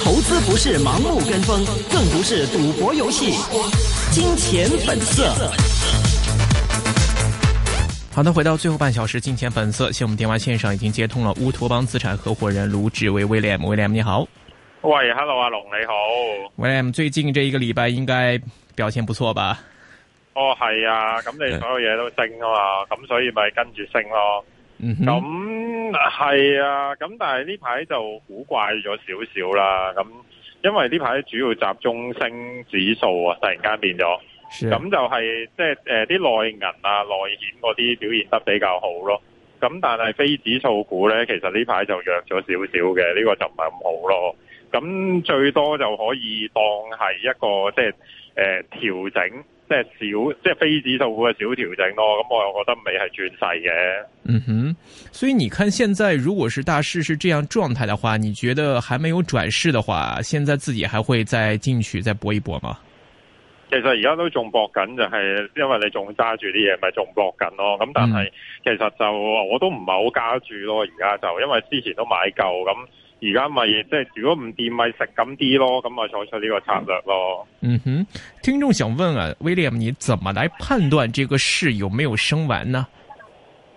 投資不是盲目跟風，更不是賭博遊戲。金錢本色。好的，回到最後半小時，金錢本色。現我們電話線上已經接通了烏托邦資產合伙人盧志威 William，William 你好。喂，Hello 阿龍你好。William 最近這一個禮拜應該表現不錯吧？哦，係啊，咁、嗯嗯、你所有嘢都升啊嘛，咁所以咪跟住升咯。咁係、嗯、啊，咁但係呢排就古怪咗少少啦。咁因為呢排主要集中升指數啊，突然間變咗，咁就係即係誒啲內銀啊、內險嗰啲表現得比較好咯。咁但係非指數股咧，其實呢排就弱咗少少嘅。呢、呢個就唔係咁好咯。咁最多就可以當係一個即係誒調整。即係小，即係非指數股嘅小調整咯。咁我又覺得未係轉勢嘅。嗯哼，所以你看，現在如果是大市是這樣狀態的話，你覺得還沒有轉勢的話，現在自己還會再進去再搏一搏嗎？其實而家都仲搏緊，就係因為你仲揸住啲嘢，咪仲搏緊咯。咁但係其實就我都唔係好加住咯。而家就因為之前都買夠咁。而家咪即係如果唔掂咪食咁啲咯，咁咪採取呢個策略咯。嗯哼，聽眾想問啊，William，你怎麼嚟判斷這個市有沒有升完呢？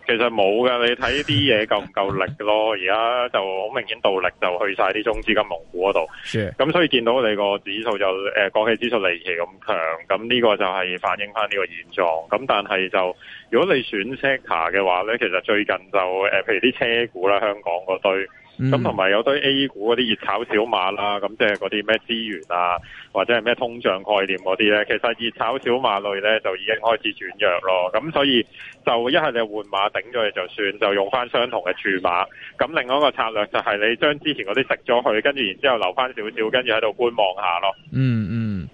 其實冇噶，你睇啲嘢夠唔夠力咯。而家 就好明顯動力就去晒啲中資金融股嗰度，咁是所以見到你個指數就誒、呃、國企指數離奇咁強，咁呢個就係反映翻呢個現狀。咁但係就如果你選 sector 嘅話咧，其實最近就誒、呃，譬如啲車股啦，香港嗰堆。咁同埋有堆 A 股嗰啲熱炒小馬啦，咁即係嗰啲咩資源啊，或者係咩通脹概念嗰啲呢？其實熱炒小馬類呢，就已經開始轉弱咯。咁所以就一係你換馬頂咗就算，就用翻相同嘅注碼。咁、嗯、另外一個策略就係你將之前嗰啲食咗去，跟住然之後留翻少少，跟住喺度觀望下咯、嗯。嗯嗯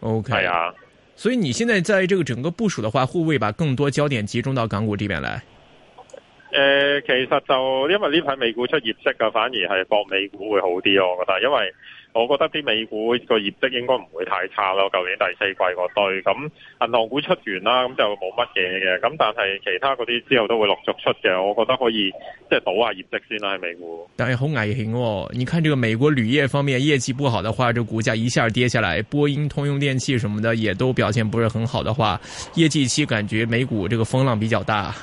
，OK 啊。係啊。所以你現在在這個整個部署的話，會唔會把更多焦點集中到港股呢邊來？誒、呃，其實就因為呢排美股出業績啊，反而係博美股會好啲咯。我覺得，因為我覺得啲美股個業績應該唔會太差咯。舊年第四季嗰對咁，銀行股出完啦，咁就冇乜嘢嘅。咁但係其他嗰啲之後都會陸續出嘅。我覺得可以即係、就是、賭下業績先啦。喺美股，但係好危險哦。你看，這個美國鋁業方面業績不好的話，這個、股價一下跌下來。波音、通用電器什麼的也都表現不是很好的話，業績期感覺美股這個風浪比較大。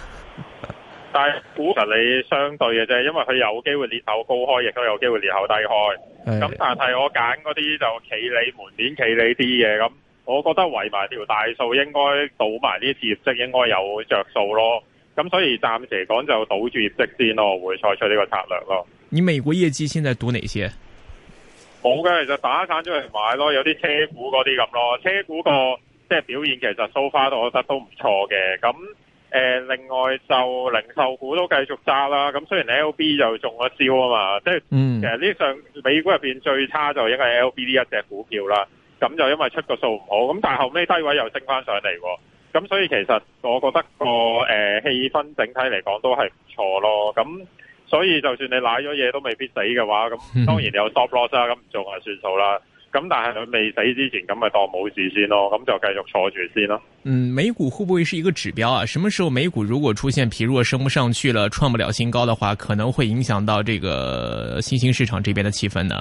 但係估實你相對嘅啫，因為佢有機會裂口高開，亦都有機會裂口低開。咁的但係我揀嗰啲就企你門檻企你啲嘅。咁我覺得圍埋條大數應該倒埋呢次業績，應該有着數咯。咁所以暫時嚟講就倒住業績先咯，會採取呢個策略咯。你美國業績現在賭哪些？冇嘅，其實打散咗嚟買咯，有啲車股嗰啲咁咯，車股個即係表現其實 so far 我覺得都唔錯嘅咁。誒，另外就零售股都繼續揸啦，咁雖然 L B 就中咗招啊嘛，即係、嗯、其實呢上美股入面最差就應該係 L B 呢一隻股票啦，咁就因為出個數唔好，咁但後尾低位又升翻上嚟，咁所以其實我覺得、個誒、呃、氣氛整體嚟講都係唔錯咯，咁所以就算你瀨咗嘢都未必死嘅話，咁當然你有 stop loss 啦、啊，咁唔做係算數啦。咁但係佢未死之前，咁咪當冇事先咯，咁就繼續坐住先咯。嗯，美股會唔會是一個指標啊？什麼時候美股如果出現疲弱，升不上去了，創不了新高嘅話，可能會影響到這個新興市場這邊的氣氛呢？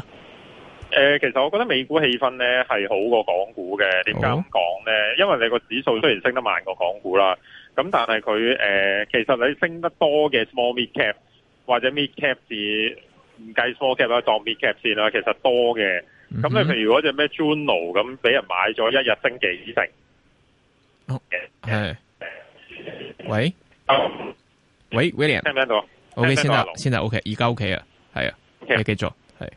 誒、呃，其實我覺得美股氣氛咧係好過港股嘅。點解咁講呢？哦、因為你個指數雖然升得慢過港股啦，咁但係佢誒，其實你升得多嘅 small mid cap 或者 mid cap 是唔計 small cap 啦，當 mid cap 先啦，其實多嘅。咁你譬如嗰隻咩 Juno 咁，俾人買咗一日星期之成？係、哦。喂、哦、喂，William，聽唔 OK, 聽到？O K，先得，先得，O K，而家 O K 啊，係啊，你繼續係。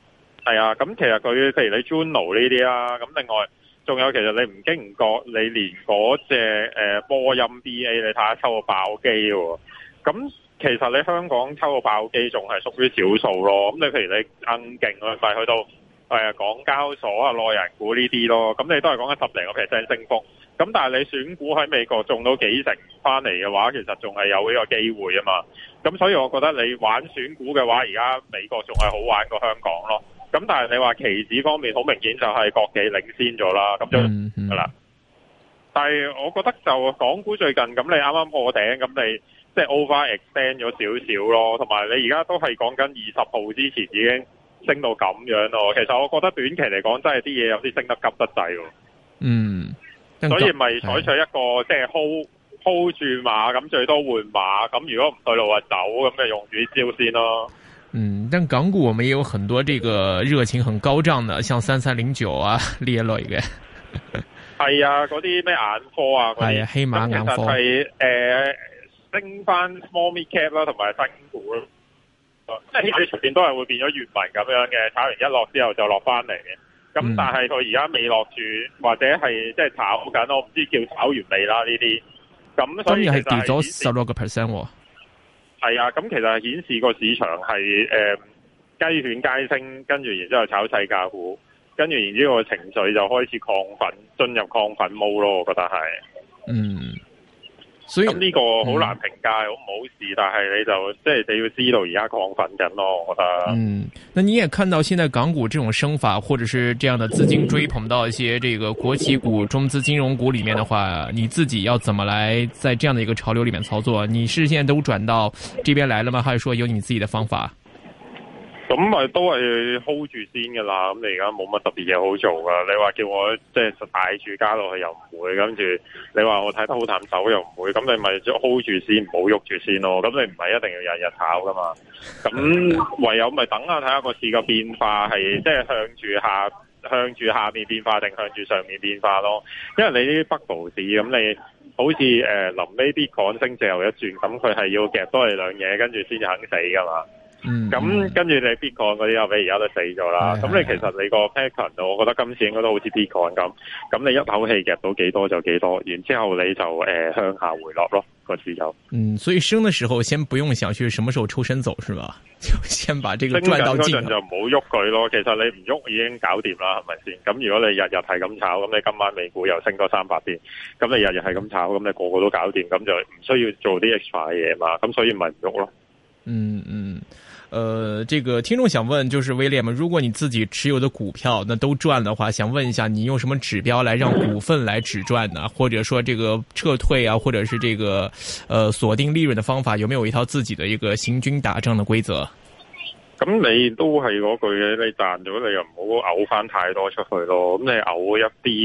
係啊，咁其實佢譬如你 Juno 呢啲啦，咁另外仲有其實你唔經唔覺，你連嗰隻、呃、波音 B A 你睇下抽個爆機喎、啊。咁其實你香港抽個爆機仲係屬於少數咯。咁你譬如你更勁咧，快去到。係啊，港交所啊，內人股呢啲咯，咁你都係講緊十零個 percent 升幅，咁但係你選股喺美國中到幾成翻嚟嘅話，其實仲係有呢個機會啊嘛，咁所以我覺得你玩選股嘅話，而家美國仲係好玩過香港咯，咁但係你話期指方面，好明顯就係國際領先咗啦，咁就係啦。嗯嗯、但係我覺得就港股最近咁，你啱啱破頂，咁你即係 overextend 咗少少咯，同埋你而家都係講緊二十號之前已經，升到咁樣咯，其實我覺得短期嚟講，真係啲嘢有啲升得急得滯。嗯，所以咪採取一個、哎、即係 hold hold 住馬，咁最多換馬，咁如果唔對路就走，咁咪用短招先咯。嗯，但港股我們也有很多這個熱情很高漲的，像三三零九啊，列類嘅。係 啊，嗰啲咩眼科啊，係啊、哎，黑馬眼科係誒、呃，升翻 small me cap 啦，同埋新股啦。即係佢隨便都係會變咗原文咁樣嘅，炒完一落之後就落翻嚟嘅。咁但係佢而家未落住，或者係即係炒緊，我唔知叫炒完未啦呢啲。咁所以係跌咗十六個 percent。係、嗯、啊，咁其實顯示個市場係誒、呃、雞犬皆升，跟住然之後炒細價股，跟住然之後情緒就開始亢奮，進入亢奮 mode 咯。我 e 覺得係嗯。所以呢個好難評價，我唔好但係你就即係你要知道而家亢奮緊咯，我覺得。嗯，那你也看到現在港股這種升法，或者是這樣的資金追捧到一些這個國企股、中資金融股裏面的話，你自己要怎麼來在這樣的一個潮流裏面操作？你是現在都轉到這邊來了嗎？還是說有你自己的方法？咁咪都係 hold 住先噶啦，咁你而家冇乜特別嘢好做噶。你話叫我即係大住加落去又唔會，跟住你話我睇得好淡手又唔會，咁你咪 hold 住先，唔好喐住先咯。咁你唔係一定要日日炒噶嘛？咁唯有咪等下睇下個市嘅變化係即係向住下向住下面變化，定向住上面變化咯。因為你啲北部市咁，你好似呃、臨尾啲港星最後一轉，咁佢係要夾多你兩嘢，跟住先至肯死噶嘛。咁、嗯、跟住你 Bitcoin 嗰啲又俾而家都死咗啦。咁、嗯、你其實你個 pattern，嗯、我覺得今次應該都好似 Bitcoin 咁。咁、嗯、你一口氣夾到幾多就幾多，然之後你就誒、呃、向下回落咯，個市就。嗯，所以升嘅時候先不用想去，什麼時候抽身走，是嗎？就先把這個。升緊嗰陣就唔好喐佢咯。其實你唔喐已經搞掂啦，係咪先？咁如果你日日係咁炒，咁你今晚美股又升多三百點，咁你日日係咁炒，咁你個個都搞掂，咁就唔需要做啲 extra 嘢嘛。咁所以咪唔喐咯。嗯嗯。呃，這個聽眾想問，就是威廉嘛，如果你自己持有的股票那都賺的話，想問一下，你用什麼指標來讓股份來止賺呢？或者說這個撤退啊，或者是這個呃鎖定利潤的方法，有沒有一套自己的一個行軍打仗的規則？咁你都係嗰句嘅，你賺咗你又唔好嘔翻太多出去咯。咁你嘔一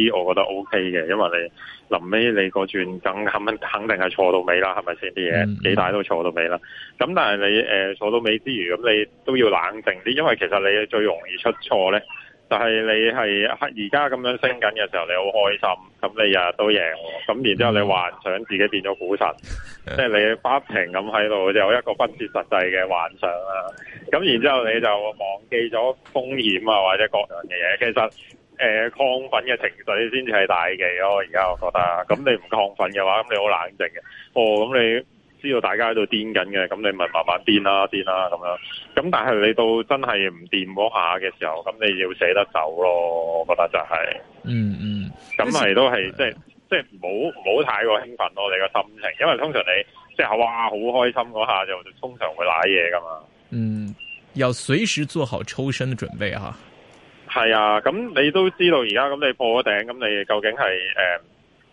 啲，我覺得 OK 嘅，因為你。臨尾你個轉更肯肯定係錯到尾啦，係咪先啲嘢？Mm hmm. 幾大都錯到尾啦。咁但係你誒、呃、錯到尾之餘，咁你都要冷靜啲，因為其實你最容易出錯咧，就係、是、你係而家咁樣升緊嘅時候，你好開心，咁你日日都贏，咁然之後你幻想自己變咗股神，即係、mm hmm. 你不停咁喺度就有一個不切實際嘅幻想啦。咁然之後你就忘記咗風險啊，或者各樣嘅嘢，其實。誒、呃，亢奮嘅情緒先至係大忌咯。而家我覺得，咁你唔亢奮嘅話，咁你好冷靜嘅。哦，咁你知道大家喺度癲緊嘅，咁你咪慢慢癲啦，癲啦咁樣。咁但係你到真係唔掂嗰下嘅時候，咁你要捨得走咯。我覺得就係、是嗯，嗯嗯，咁咪都係即係即係唔好唔好太過興奮咯、啊。你嘅心情，因為通常你即係、就是、哇好開心嗰下就，就通常會瀨嘢噶嘛。嗯，要隨時做好抽身嘅準備啊。係啊，咁你都知道而家咁你破咗頂，咁你究竟係誒、嗯、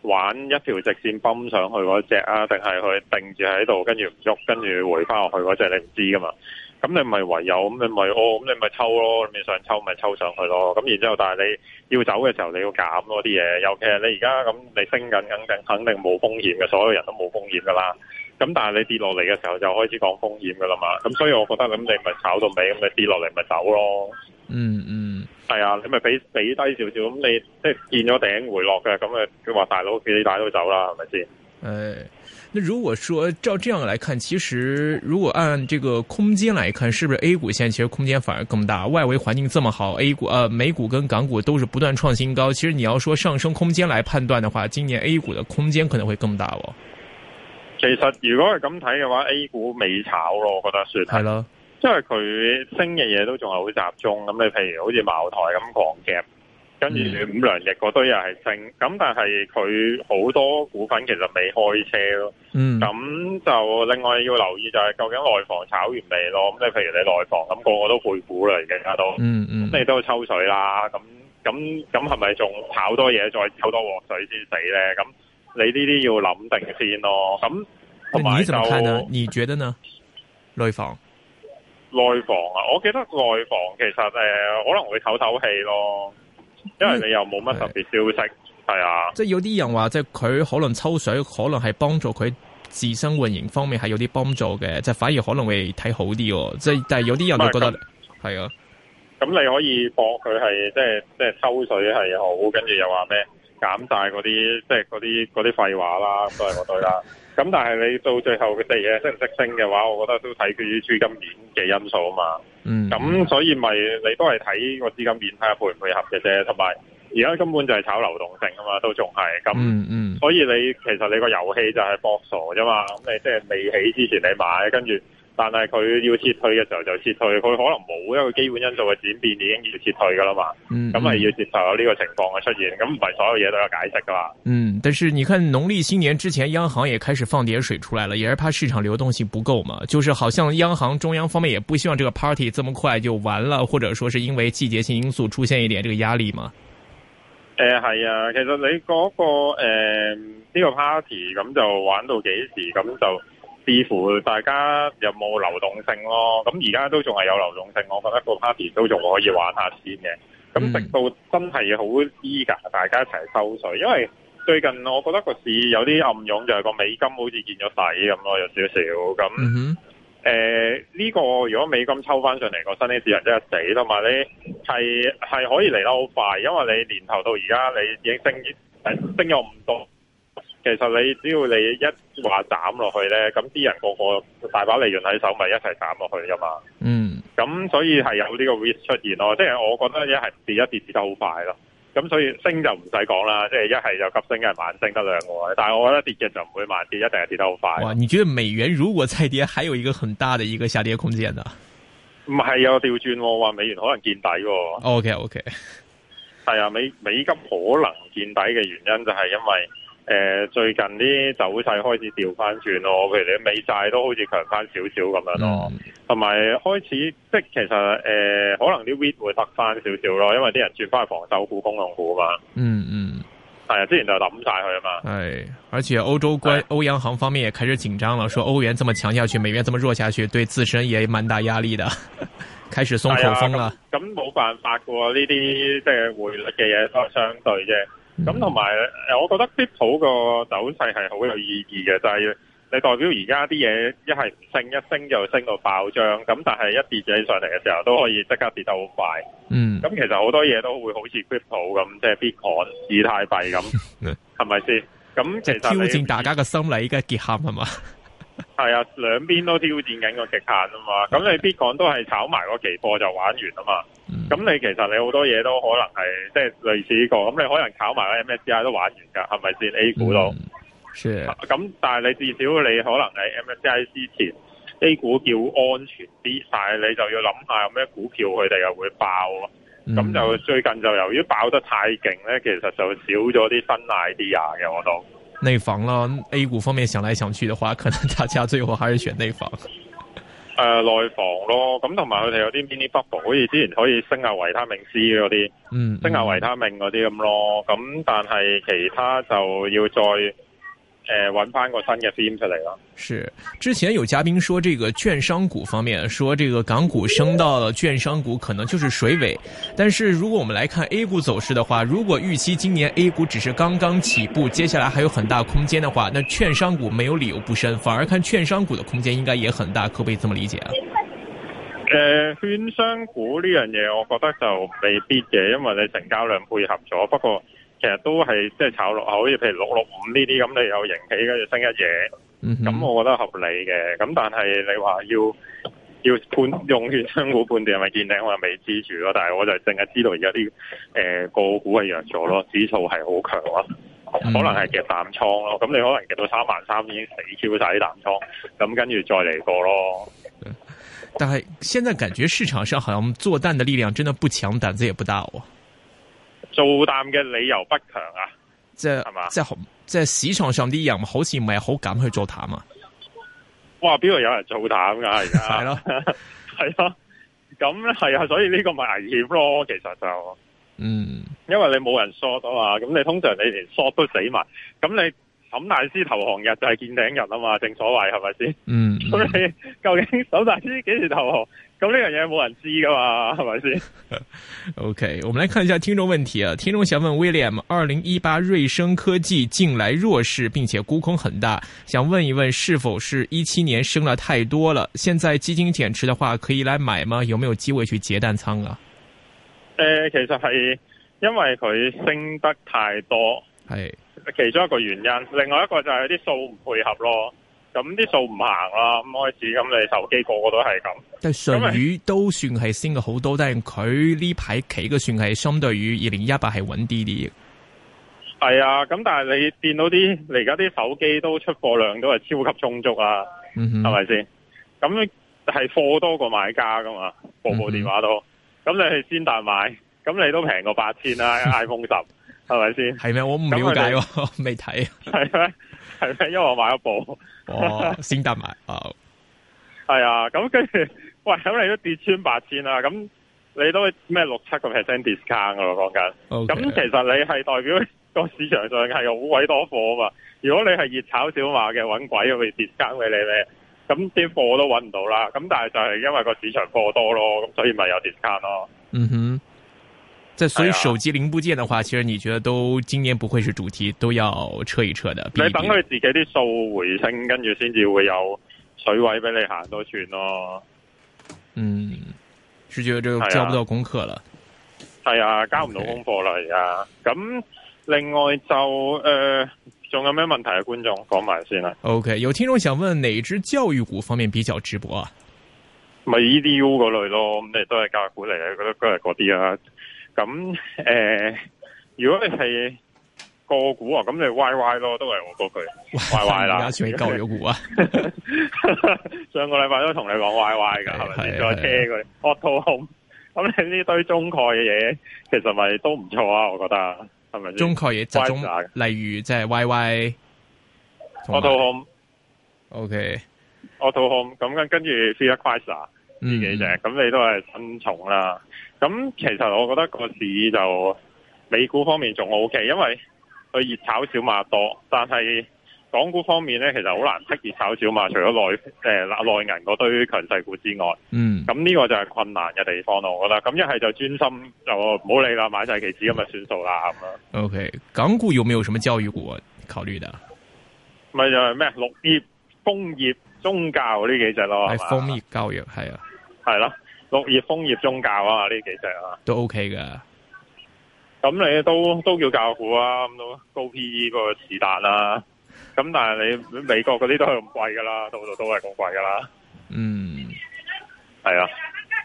玩一條直線泵上去嗰隻啊，定係佢定住喺度，跟住唔喐，跟住回翻落去嗰隻？你唔知噶嘛？咁你咪唯有咁，你咪哦咁，你咪、哦、抽咯。咁你想抽咪抽上去咯。咁然之後，但係你要走嘅時候你要減咯啲嘢。尤其係你而家咁你升緊，肯定肯定冇風險嘅，所有人都冇風險噶啦。咁但係你跌落嚟嘅時候就開始講風險噶啦嘛。咁所以我覺得咁你咪炒到尾，咁你跌落嚟咪走咯。嗯嗯。嗯係啊，你咪俾俾低少少，咁你即係見咗頂回落嘅，咁誒，佢話大佬，你帶都走啦，係咪先？誒，那如果說照這樣來看，其實如果按這個空間來看，是不是 A 股現在其實空間反而更大？外圍環境這麼好，A 股、誒、呃、美股跟港股都是不斷創新高，其實你要說上升空間來判斷的話，今年 A 股的空間可能會更大哦。其實如果係咁睇嘅話，A 股未炒咯，我覺得算係咯。即係佢升嘅嘢都仲係好集中，咁你譬如好似茅台咁狂夾，跟住五糧液嗰堆又係升，咁但係佢好多股份其實未開車咯，咁、嗯、就另外要留意就係究竟內房炒完未咯？咁你譬如你內房咁，我、那個、個都配股啦，而、那、家、個、都，咁你都抽水啦，咁咁咁係咪仲炒多嘢再抽多鑊水先死咧？咁你呢啲要諗定先咯。咁，咁，你點睇呢、啊？你覺得呢？內房？內房啊，我記得內房其實誒、呃、可能會唞唞氣咯，因為你又冇乜特別消息，係啊。即係有啲人話，即係佢可能抽水，可能係幫助佢自身運營方面係有啲幫助嘅，即係反而可能會睇好啲。即係但係有啲人就覺得係啊。咁的你可以博佢係即係即係抽水係好，跟住又話咩減大嗰啲即係嗰啲嗰啲廢話啦，都係我對啦。 咁但係你到最後佢地嘢識唔識升嘅話，我覺得都睇佢啲資金面嘅因素啊嘛。嗯。咁所以咪你都係睇個資金面，睇下配唔配合嘅啫，同埋而家根本就係炒流動性啊嘛，都仲係。嗯嗯。咁所以你其實你個遊戲就係博傻啫嘛。咁你即係未起之前你買跟住。但係佢要撤退嘅時候就撤退，佢可能冇一個基本因素嘅轉變已經要撤退噶啦嘛。咁咪、嗯嗯、要接受有呢個情況嘅出現，咁唔係所有嘢都有解釋噶嘛。嗯，但是你看農曆新年之前，央行也開始放點水出來了，也是怕市場流動性不夠嘛。就是好像央行中央方面也不希望這個 party 這麼快就完了，或者說是因為季節性因素出現一點這個壓力嘛。誒係、呃、啊，其實你嗰、那個呢、呃這個 party 咁就玩到幾時咁就。似乎大家有冇流動性咯，咁而家都仲係有流動性，我覺得個 party 都仲可以玩下先嘅。咁直到真係好嚴格，大家一齊收水。因為最近我覺得個市有啲暗湧，就係個美金好似見咗底咁咯，有少少。咁誒呢個如果美金抽翻上嚟，個新興市場真係死。同埋你係係可以嚟得好快，因為你年頭到而家你已經升升咗唔多。其實你只要你一話斬落去咧，咁啲人個個大把利潤喺手，咪一齊斬落去噶嘛。嗯，咁所以係有呢個 risk 出現咯。即係我覺得一係跌一跌跌得好快咯。咁所以升就唔使講啦，即係一係就急升，一係慢升得兩個。但係我覺得跌嘅就唔會慢跌，一定係跌得好快。哇！你覺得美元如果再跌，還有一個很大的一個下跌空間啊？唔係又調轉話美元可能見底。O K O K，係啊，美美金可能見底嘅原因就係因為。誒，最近啲走勢開始調翻轉咯，譬如你美債都好似強翻少少咁樣咯，同埋、哦、開始即係其實誒、呃，可能啲匯會得翻少少咯，因為啲人轉翻去防守股、公用股啊嘛。嗯嗯，係、嗯、啊，之前就諗晒佢啊嘛。係、哎，而且歐洲關，歐央、哎、央行方面也開始緊張啦，說歐元這麼強下去，美元這麼弱下去，對自身也蠻大壓力的，開始鬆口風啦。咁冇、哎、辦法噶喎，呢啲即係匯率嘅嘢都係相對啫。咁同埋，我覺得 Crypto 個走勢係好有意義嘅，就係、是、你代表而家啲嘢一係唔升，一升就升到爆漲。咁但係一跌起上嚟嘅時候，都可以即刻跌得好快。嗯，咁其實好多嘢都會好似 Crypto 咁，即係 Bitcoin 以太幣咁，係咪先？咁其實你就挑戰大家嘅心理嘅結合係嘛？係 啊，兩邊都挑戰緊個極限啊嘛，咁你 Bitcoin 都係炒埋個期貨就玩完啊嘛，咁、嗯、你其實你好多嘢都可能係即係類似呢、這個，咁你可能炒埋個 MSCI 都玩完噶，係咪先 A 股都？咁、嗯啊、但係你至少你可能喺 MSCI 之前，A 股叫安全啲，但係你就要諗下有咩股票佢哋又會爆，咁就最近就由於爆得太勁咧，其實就少咗啲新 idea 嘅，我都。內房啦、啊、A 股方面想來想去的話，可能大家最後還是選內房、呃。誒，內房咯，咁同埋佢哋有啲 mini bubble 好似之前可以升下維他命 C 嗰啲，嗯，升下維他命嗰啲咁咯，咁但係其他就要再。誒，揾翻、呃、個新嘅 f i m 出嚟咯。是，之前有嘉賓說，這個券商股方面，說這個港股升到了券商股可能就是水尾。但是如果我們來看 A 股走勢的話，如果預期今年 A 股只是剛剛起步，接下來還有很大空間的話，那券商股沒有理由不升，反而看券商股的空間應該也很大，可不可以這麼理解啊？呃、券商股呢樣嘢，我覺得就未必嘅，因為你成交量配合咗，不過。其實都係即係炒落口，好似譬如六六五呢啲咁，你有盈起跟住升一嘢，咁、嗯、哼我覺得合理嘅。咁但係你話要要判用券商股判斷係咪見頂，我又未知住咯。但係我就淨係知道而家啲誒個股係弱咗咯，指數係好強，可能係夾淡倉咯。咁、嗯、你可能夾到三萬三已經死消晒啲淡倉，咁跟住再嚟過咯。但係現在感覺市場上好像做淡的力量真的不強，膽子也不大哦。做淡嘅理由不強啊，即係係嘛，即係即係市場上啲人好似唔係好敢去做淡啊。哇，邊度有人做淡噶而家？係咯，係咯，咁係啊，所以呢個咪危險咯，其實就，嗯，因為你冇人 short 啊嘛，咁你通常你連 short 都死埋，咁你沈大師投降日就係見頂人啊嘛，正所謂係咪先？嗯，咁你究竟沈大師幾時投降？咁呢樣嘢冇人知噶嘛，係咪先？OK，我們來看一下聽眾問題啊。聽眾想問 William：二零一八瑞聲科技近來弱勢，並且沽空很大，想問一問是否是一七年升了太多了？現在基金減持的話，可以來買嗎？有沒有機會去截彈倉啊？誒、呃，其實係因為佢升得太多，係、哎、其中一個原因。另外一個就係啲數唔配合咯。咁啲數唔行啦，咁開始咁你手機個個都係咁。但係尚宇都算係升嘅好多，但係佢呢排企嘅算係相對於二零一八係穩啲啲。係啊，咁但係你見到啲，你而家啲手機都出貨量都係超級充足啊，係咪先？咁係貨多過買家噶嘛，部部電話都。咁、嗯、哼你去先達買，咁你都平過八千啦，iPhone 十，係咪先？係咪？我唔了解、啊，你未睇。係咩？係咩？因為我買咗部、 哦，先得埋。好、哦、係啊，咁跟住喂，咁你都跌穿八千啦，咁你都咩六七個 percent discount 噶啦？講緊咁，Okay. 其實你係代表個市場上係好鬼多貨啊嘛。如果你係熱炒小馬嘅，搵鬼會 discount 俾你咧？咁啲貨都搵唔到啦。咁但係就係因為個市場貨多咯，咁所以咪有 discount 咯。嗯哼。所以手機零部件的話，啊、其實你覺得都今年不會是主題，都要撤一撤的。逼逼你等佢自己啲數回升，跟住先至會有水位俾你行多轉咯。嗯，是覺得就交唔到功課啦。係啊，交唔到功課啦而家。咁 Okay. 另外就誒，仲、呃、有咩問題啊？觀眾講埋先啦。OK，有聽眾想問，哪支教育股方面比較值博啊？咪 E D U 嗰類咯，咁你都係教育股嚟嘅，覺得都係嗰啲啊。咁誒、呃，如果你係個股啊，咁你 Y Y 咯，都係我嗰句 Y Y 啦。夠有股啊？ 上個禮拜都同你講 Y Y 噶，係咪先？再車佢。是是是 Auto Home，咁你呢堆中概嘅嘢，其實咪都唔錯啊？我覺得係咪？是是中概嘢集中，例如即係 Y Y。Auto Home，O K，Auto Home，咁 Okay 跟跟住 Feel Quasar 呢幾隻，咁你都係新重啦。咁其實我覺得個市就美股方面仲 OK，因為佢熱炒小馬多，但係港股方面咧，其實好難適熱炒小馬，除咗內誒內銀嗰堆強勢股之外，嗯，咁呢個就係困難嘅地方咯，我覺得。咁一係就專心就唔好理啦，買晒期指咁就算數啦，咁啊、嗯。O、okay. K，港股有冇有什麼教育股考慮的？咪就係、是、咩綠業、工業、宗教呢幾隻咯，係工業教育係啊，係咯、啊。綠葉、楓葉、宗教啊，呢幾隻啊，都 OK 嘅。咁你都都叫教股啊，咁都高 PE 嗰個、啊、時代啦。咁但係你美國嗰啲都係咁貴噶啦，度度都係咁貴噶啦。嗯，係啊。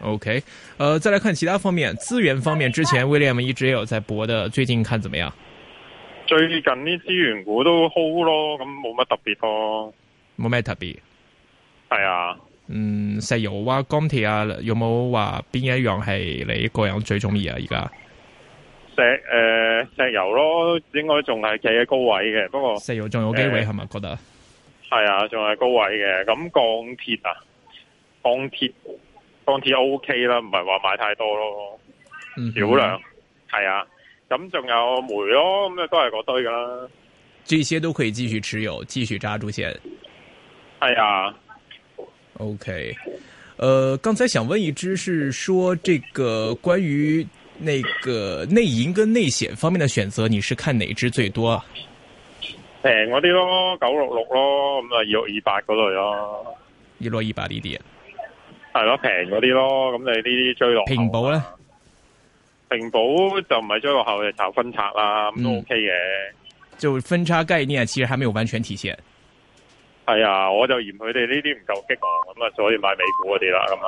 OK，誒、呃，再嚟，看其他方面，資源方面，之前 William 一直有在博的，最近看怎麼樣？最近啲資源股都好咯，咁冇乜特別咯。冇咩特別。係啊。嗯，石油啊，鋼鐵啊，有冇話邊一樣係你個人最中意啊？而家石誒、呃，石油咯，應該仲係企喺高位嘅。不過石油仲有機會係咪覺得？係啊，仲係高位嘅。咁鋼鐵啊，鋼鐵鋼鐵 OK 啦，唔係話買太多咯，少、嗯、哼量係啊。咁仲有煤咯，咁咧都係嗰堆噶啦。呢啲都可以繼續持有，繼續揸住先。係啊。OK，呃，剛才想問一隻是說這個關於那個內銀跟內險方面的選擇，你是看哪隻最多？平嗰啲咯，九六六咯，咁、嗯、啊，二六二八嗰類咯，二六二八呢啲，係咯，平嗰啲咯。咁你呢啲追落平保咧？平保就唔係追落後，就炒分拆啦，咁都 OK 嘅。就分拆概念其實還沒有完全體現。係啊，我就嫌佢哋呢啲唔夠激昂，咁啊，所以買美股嗰啲啦，咁啊。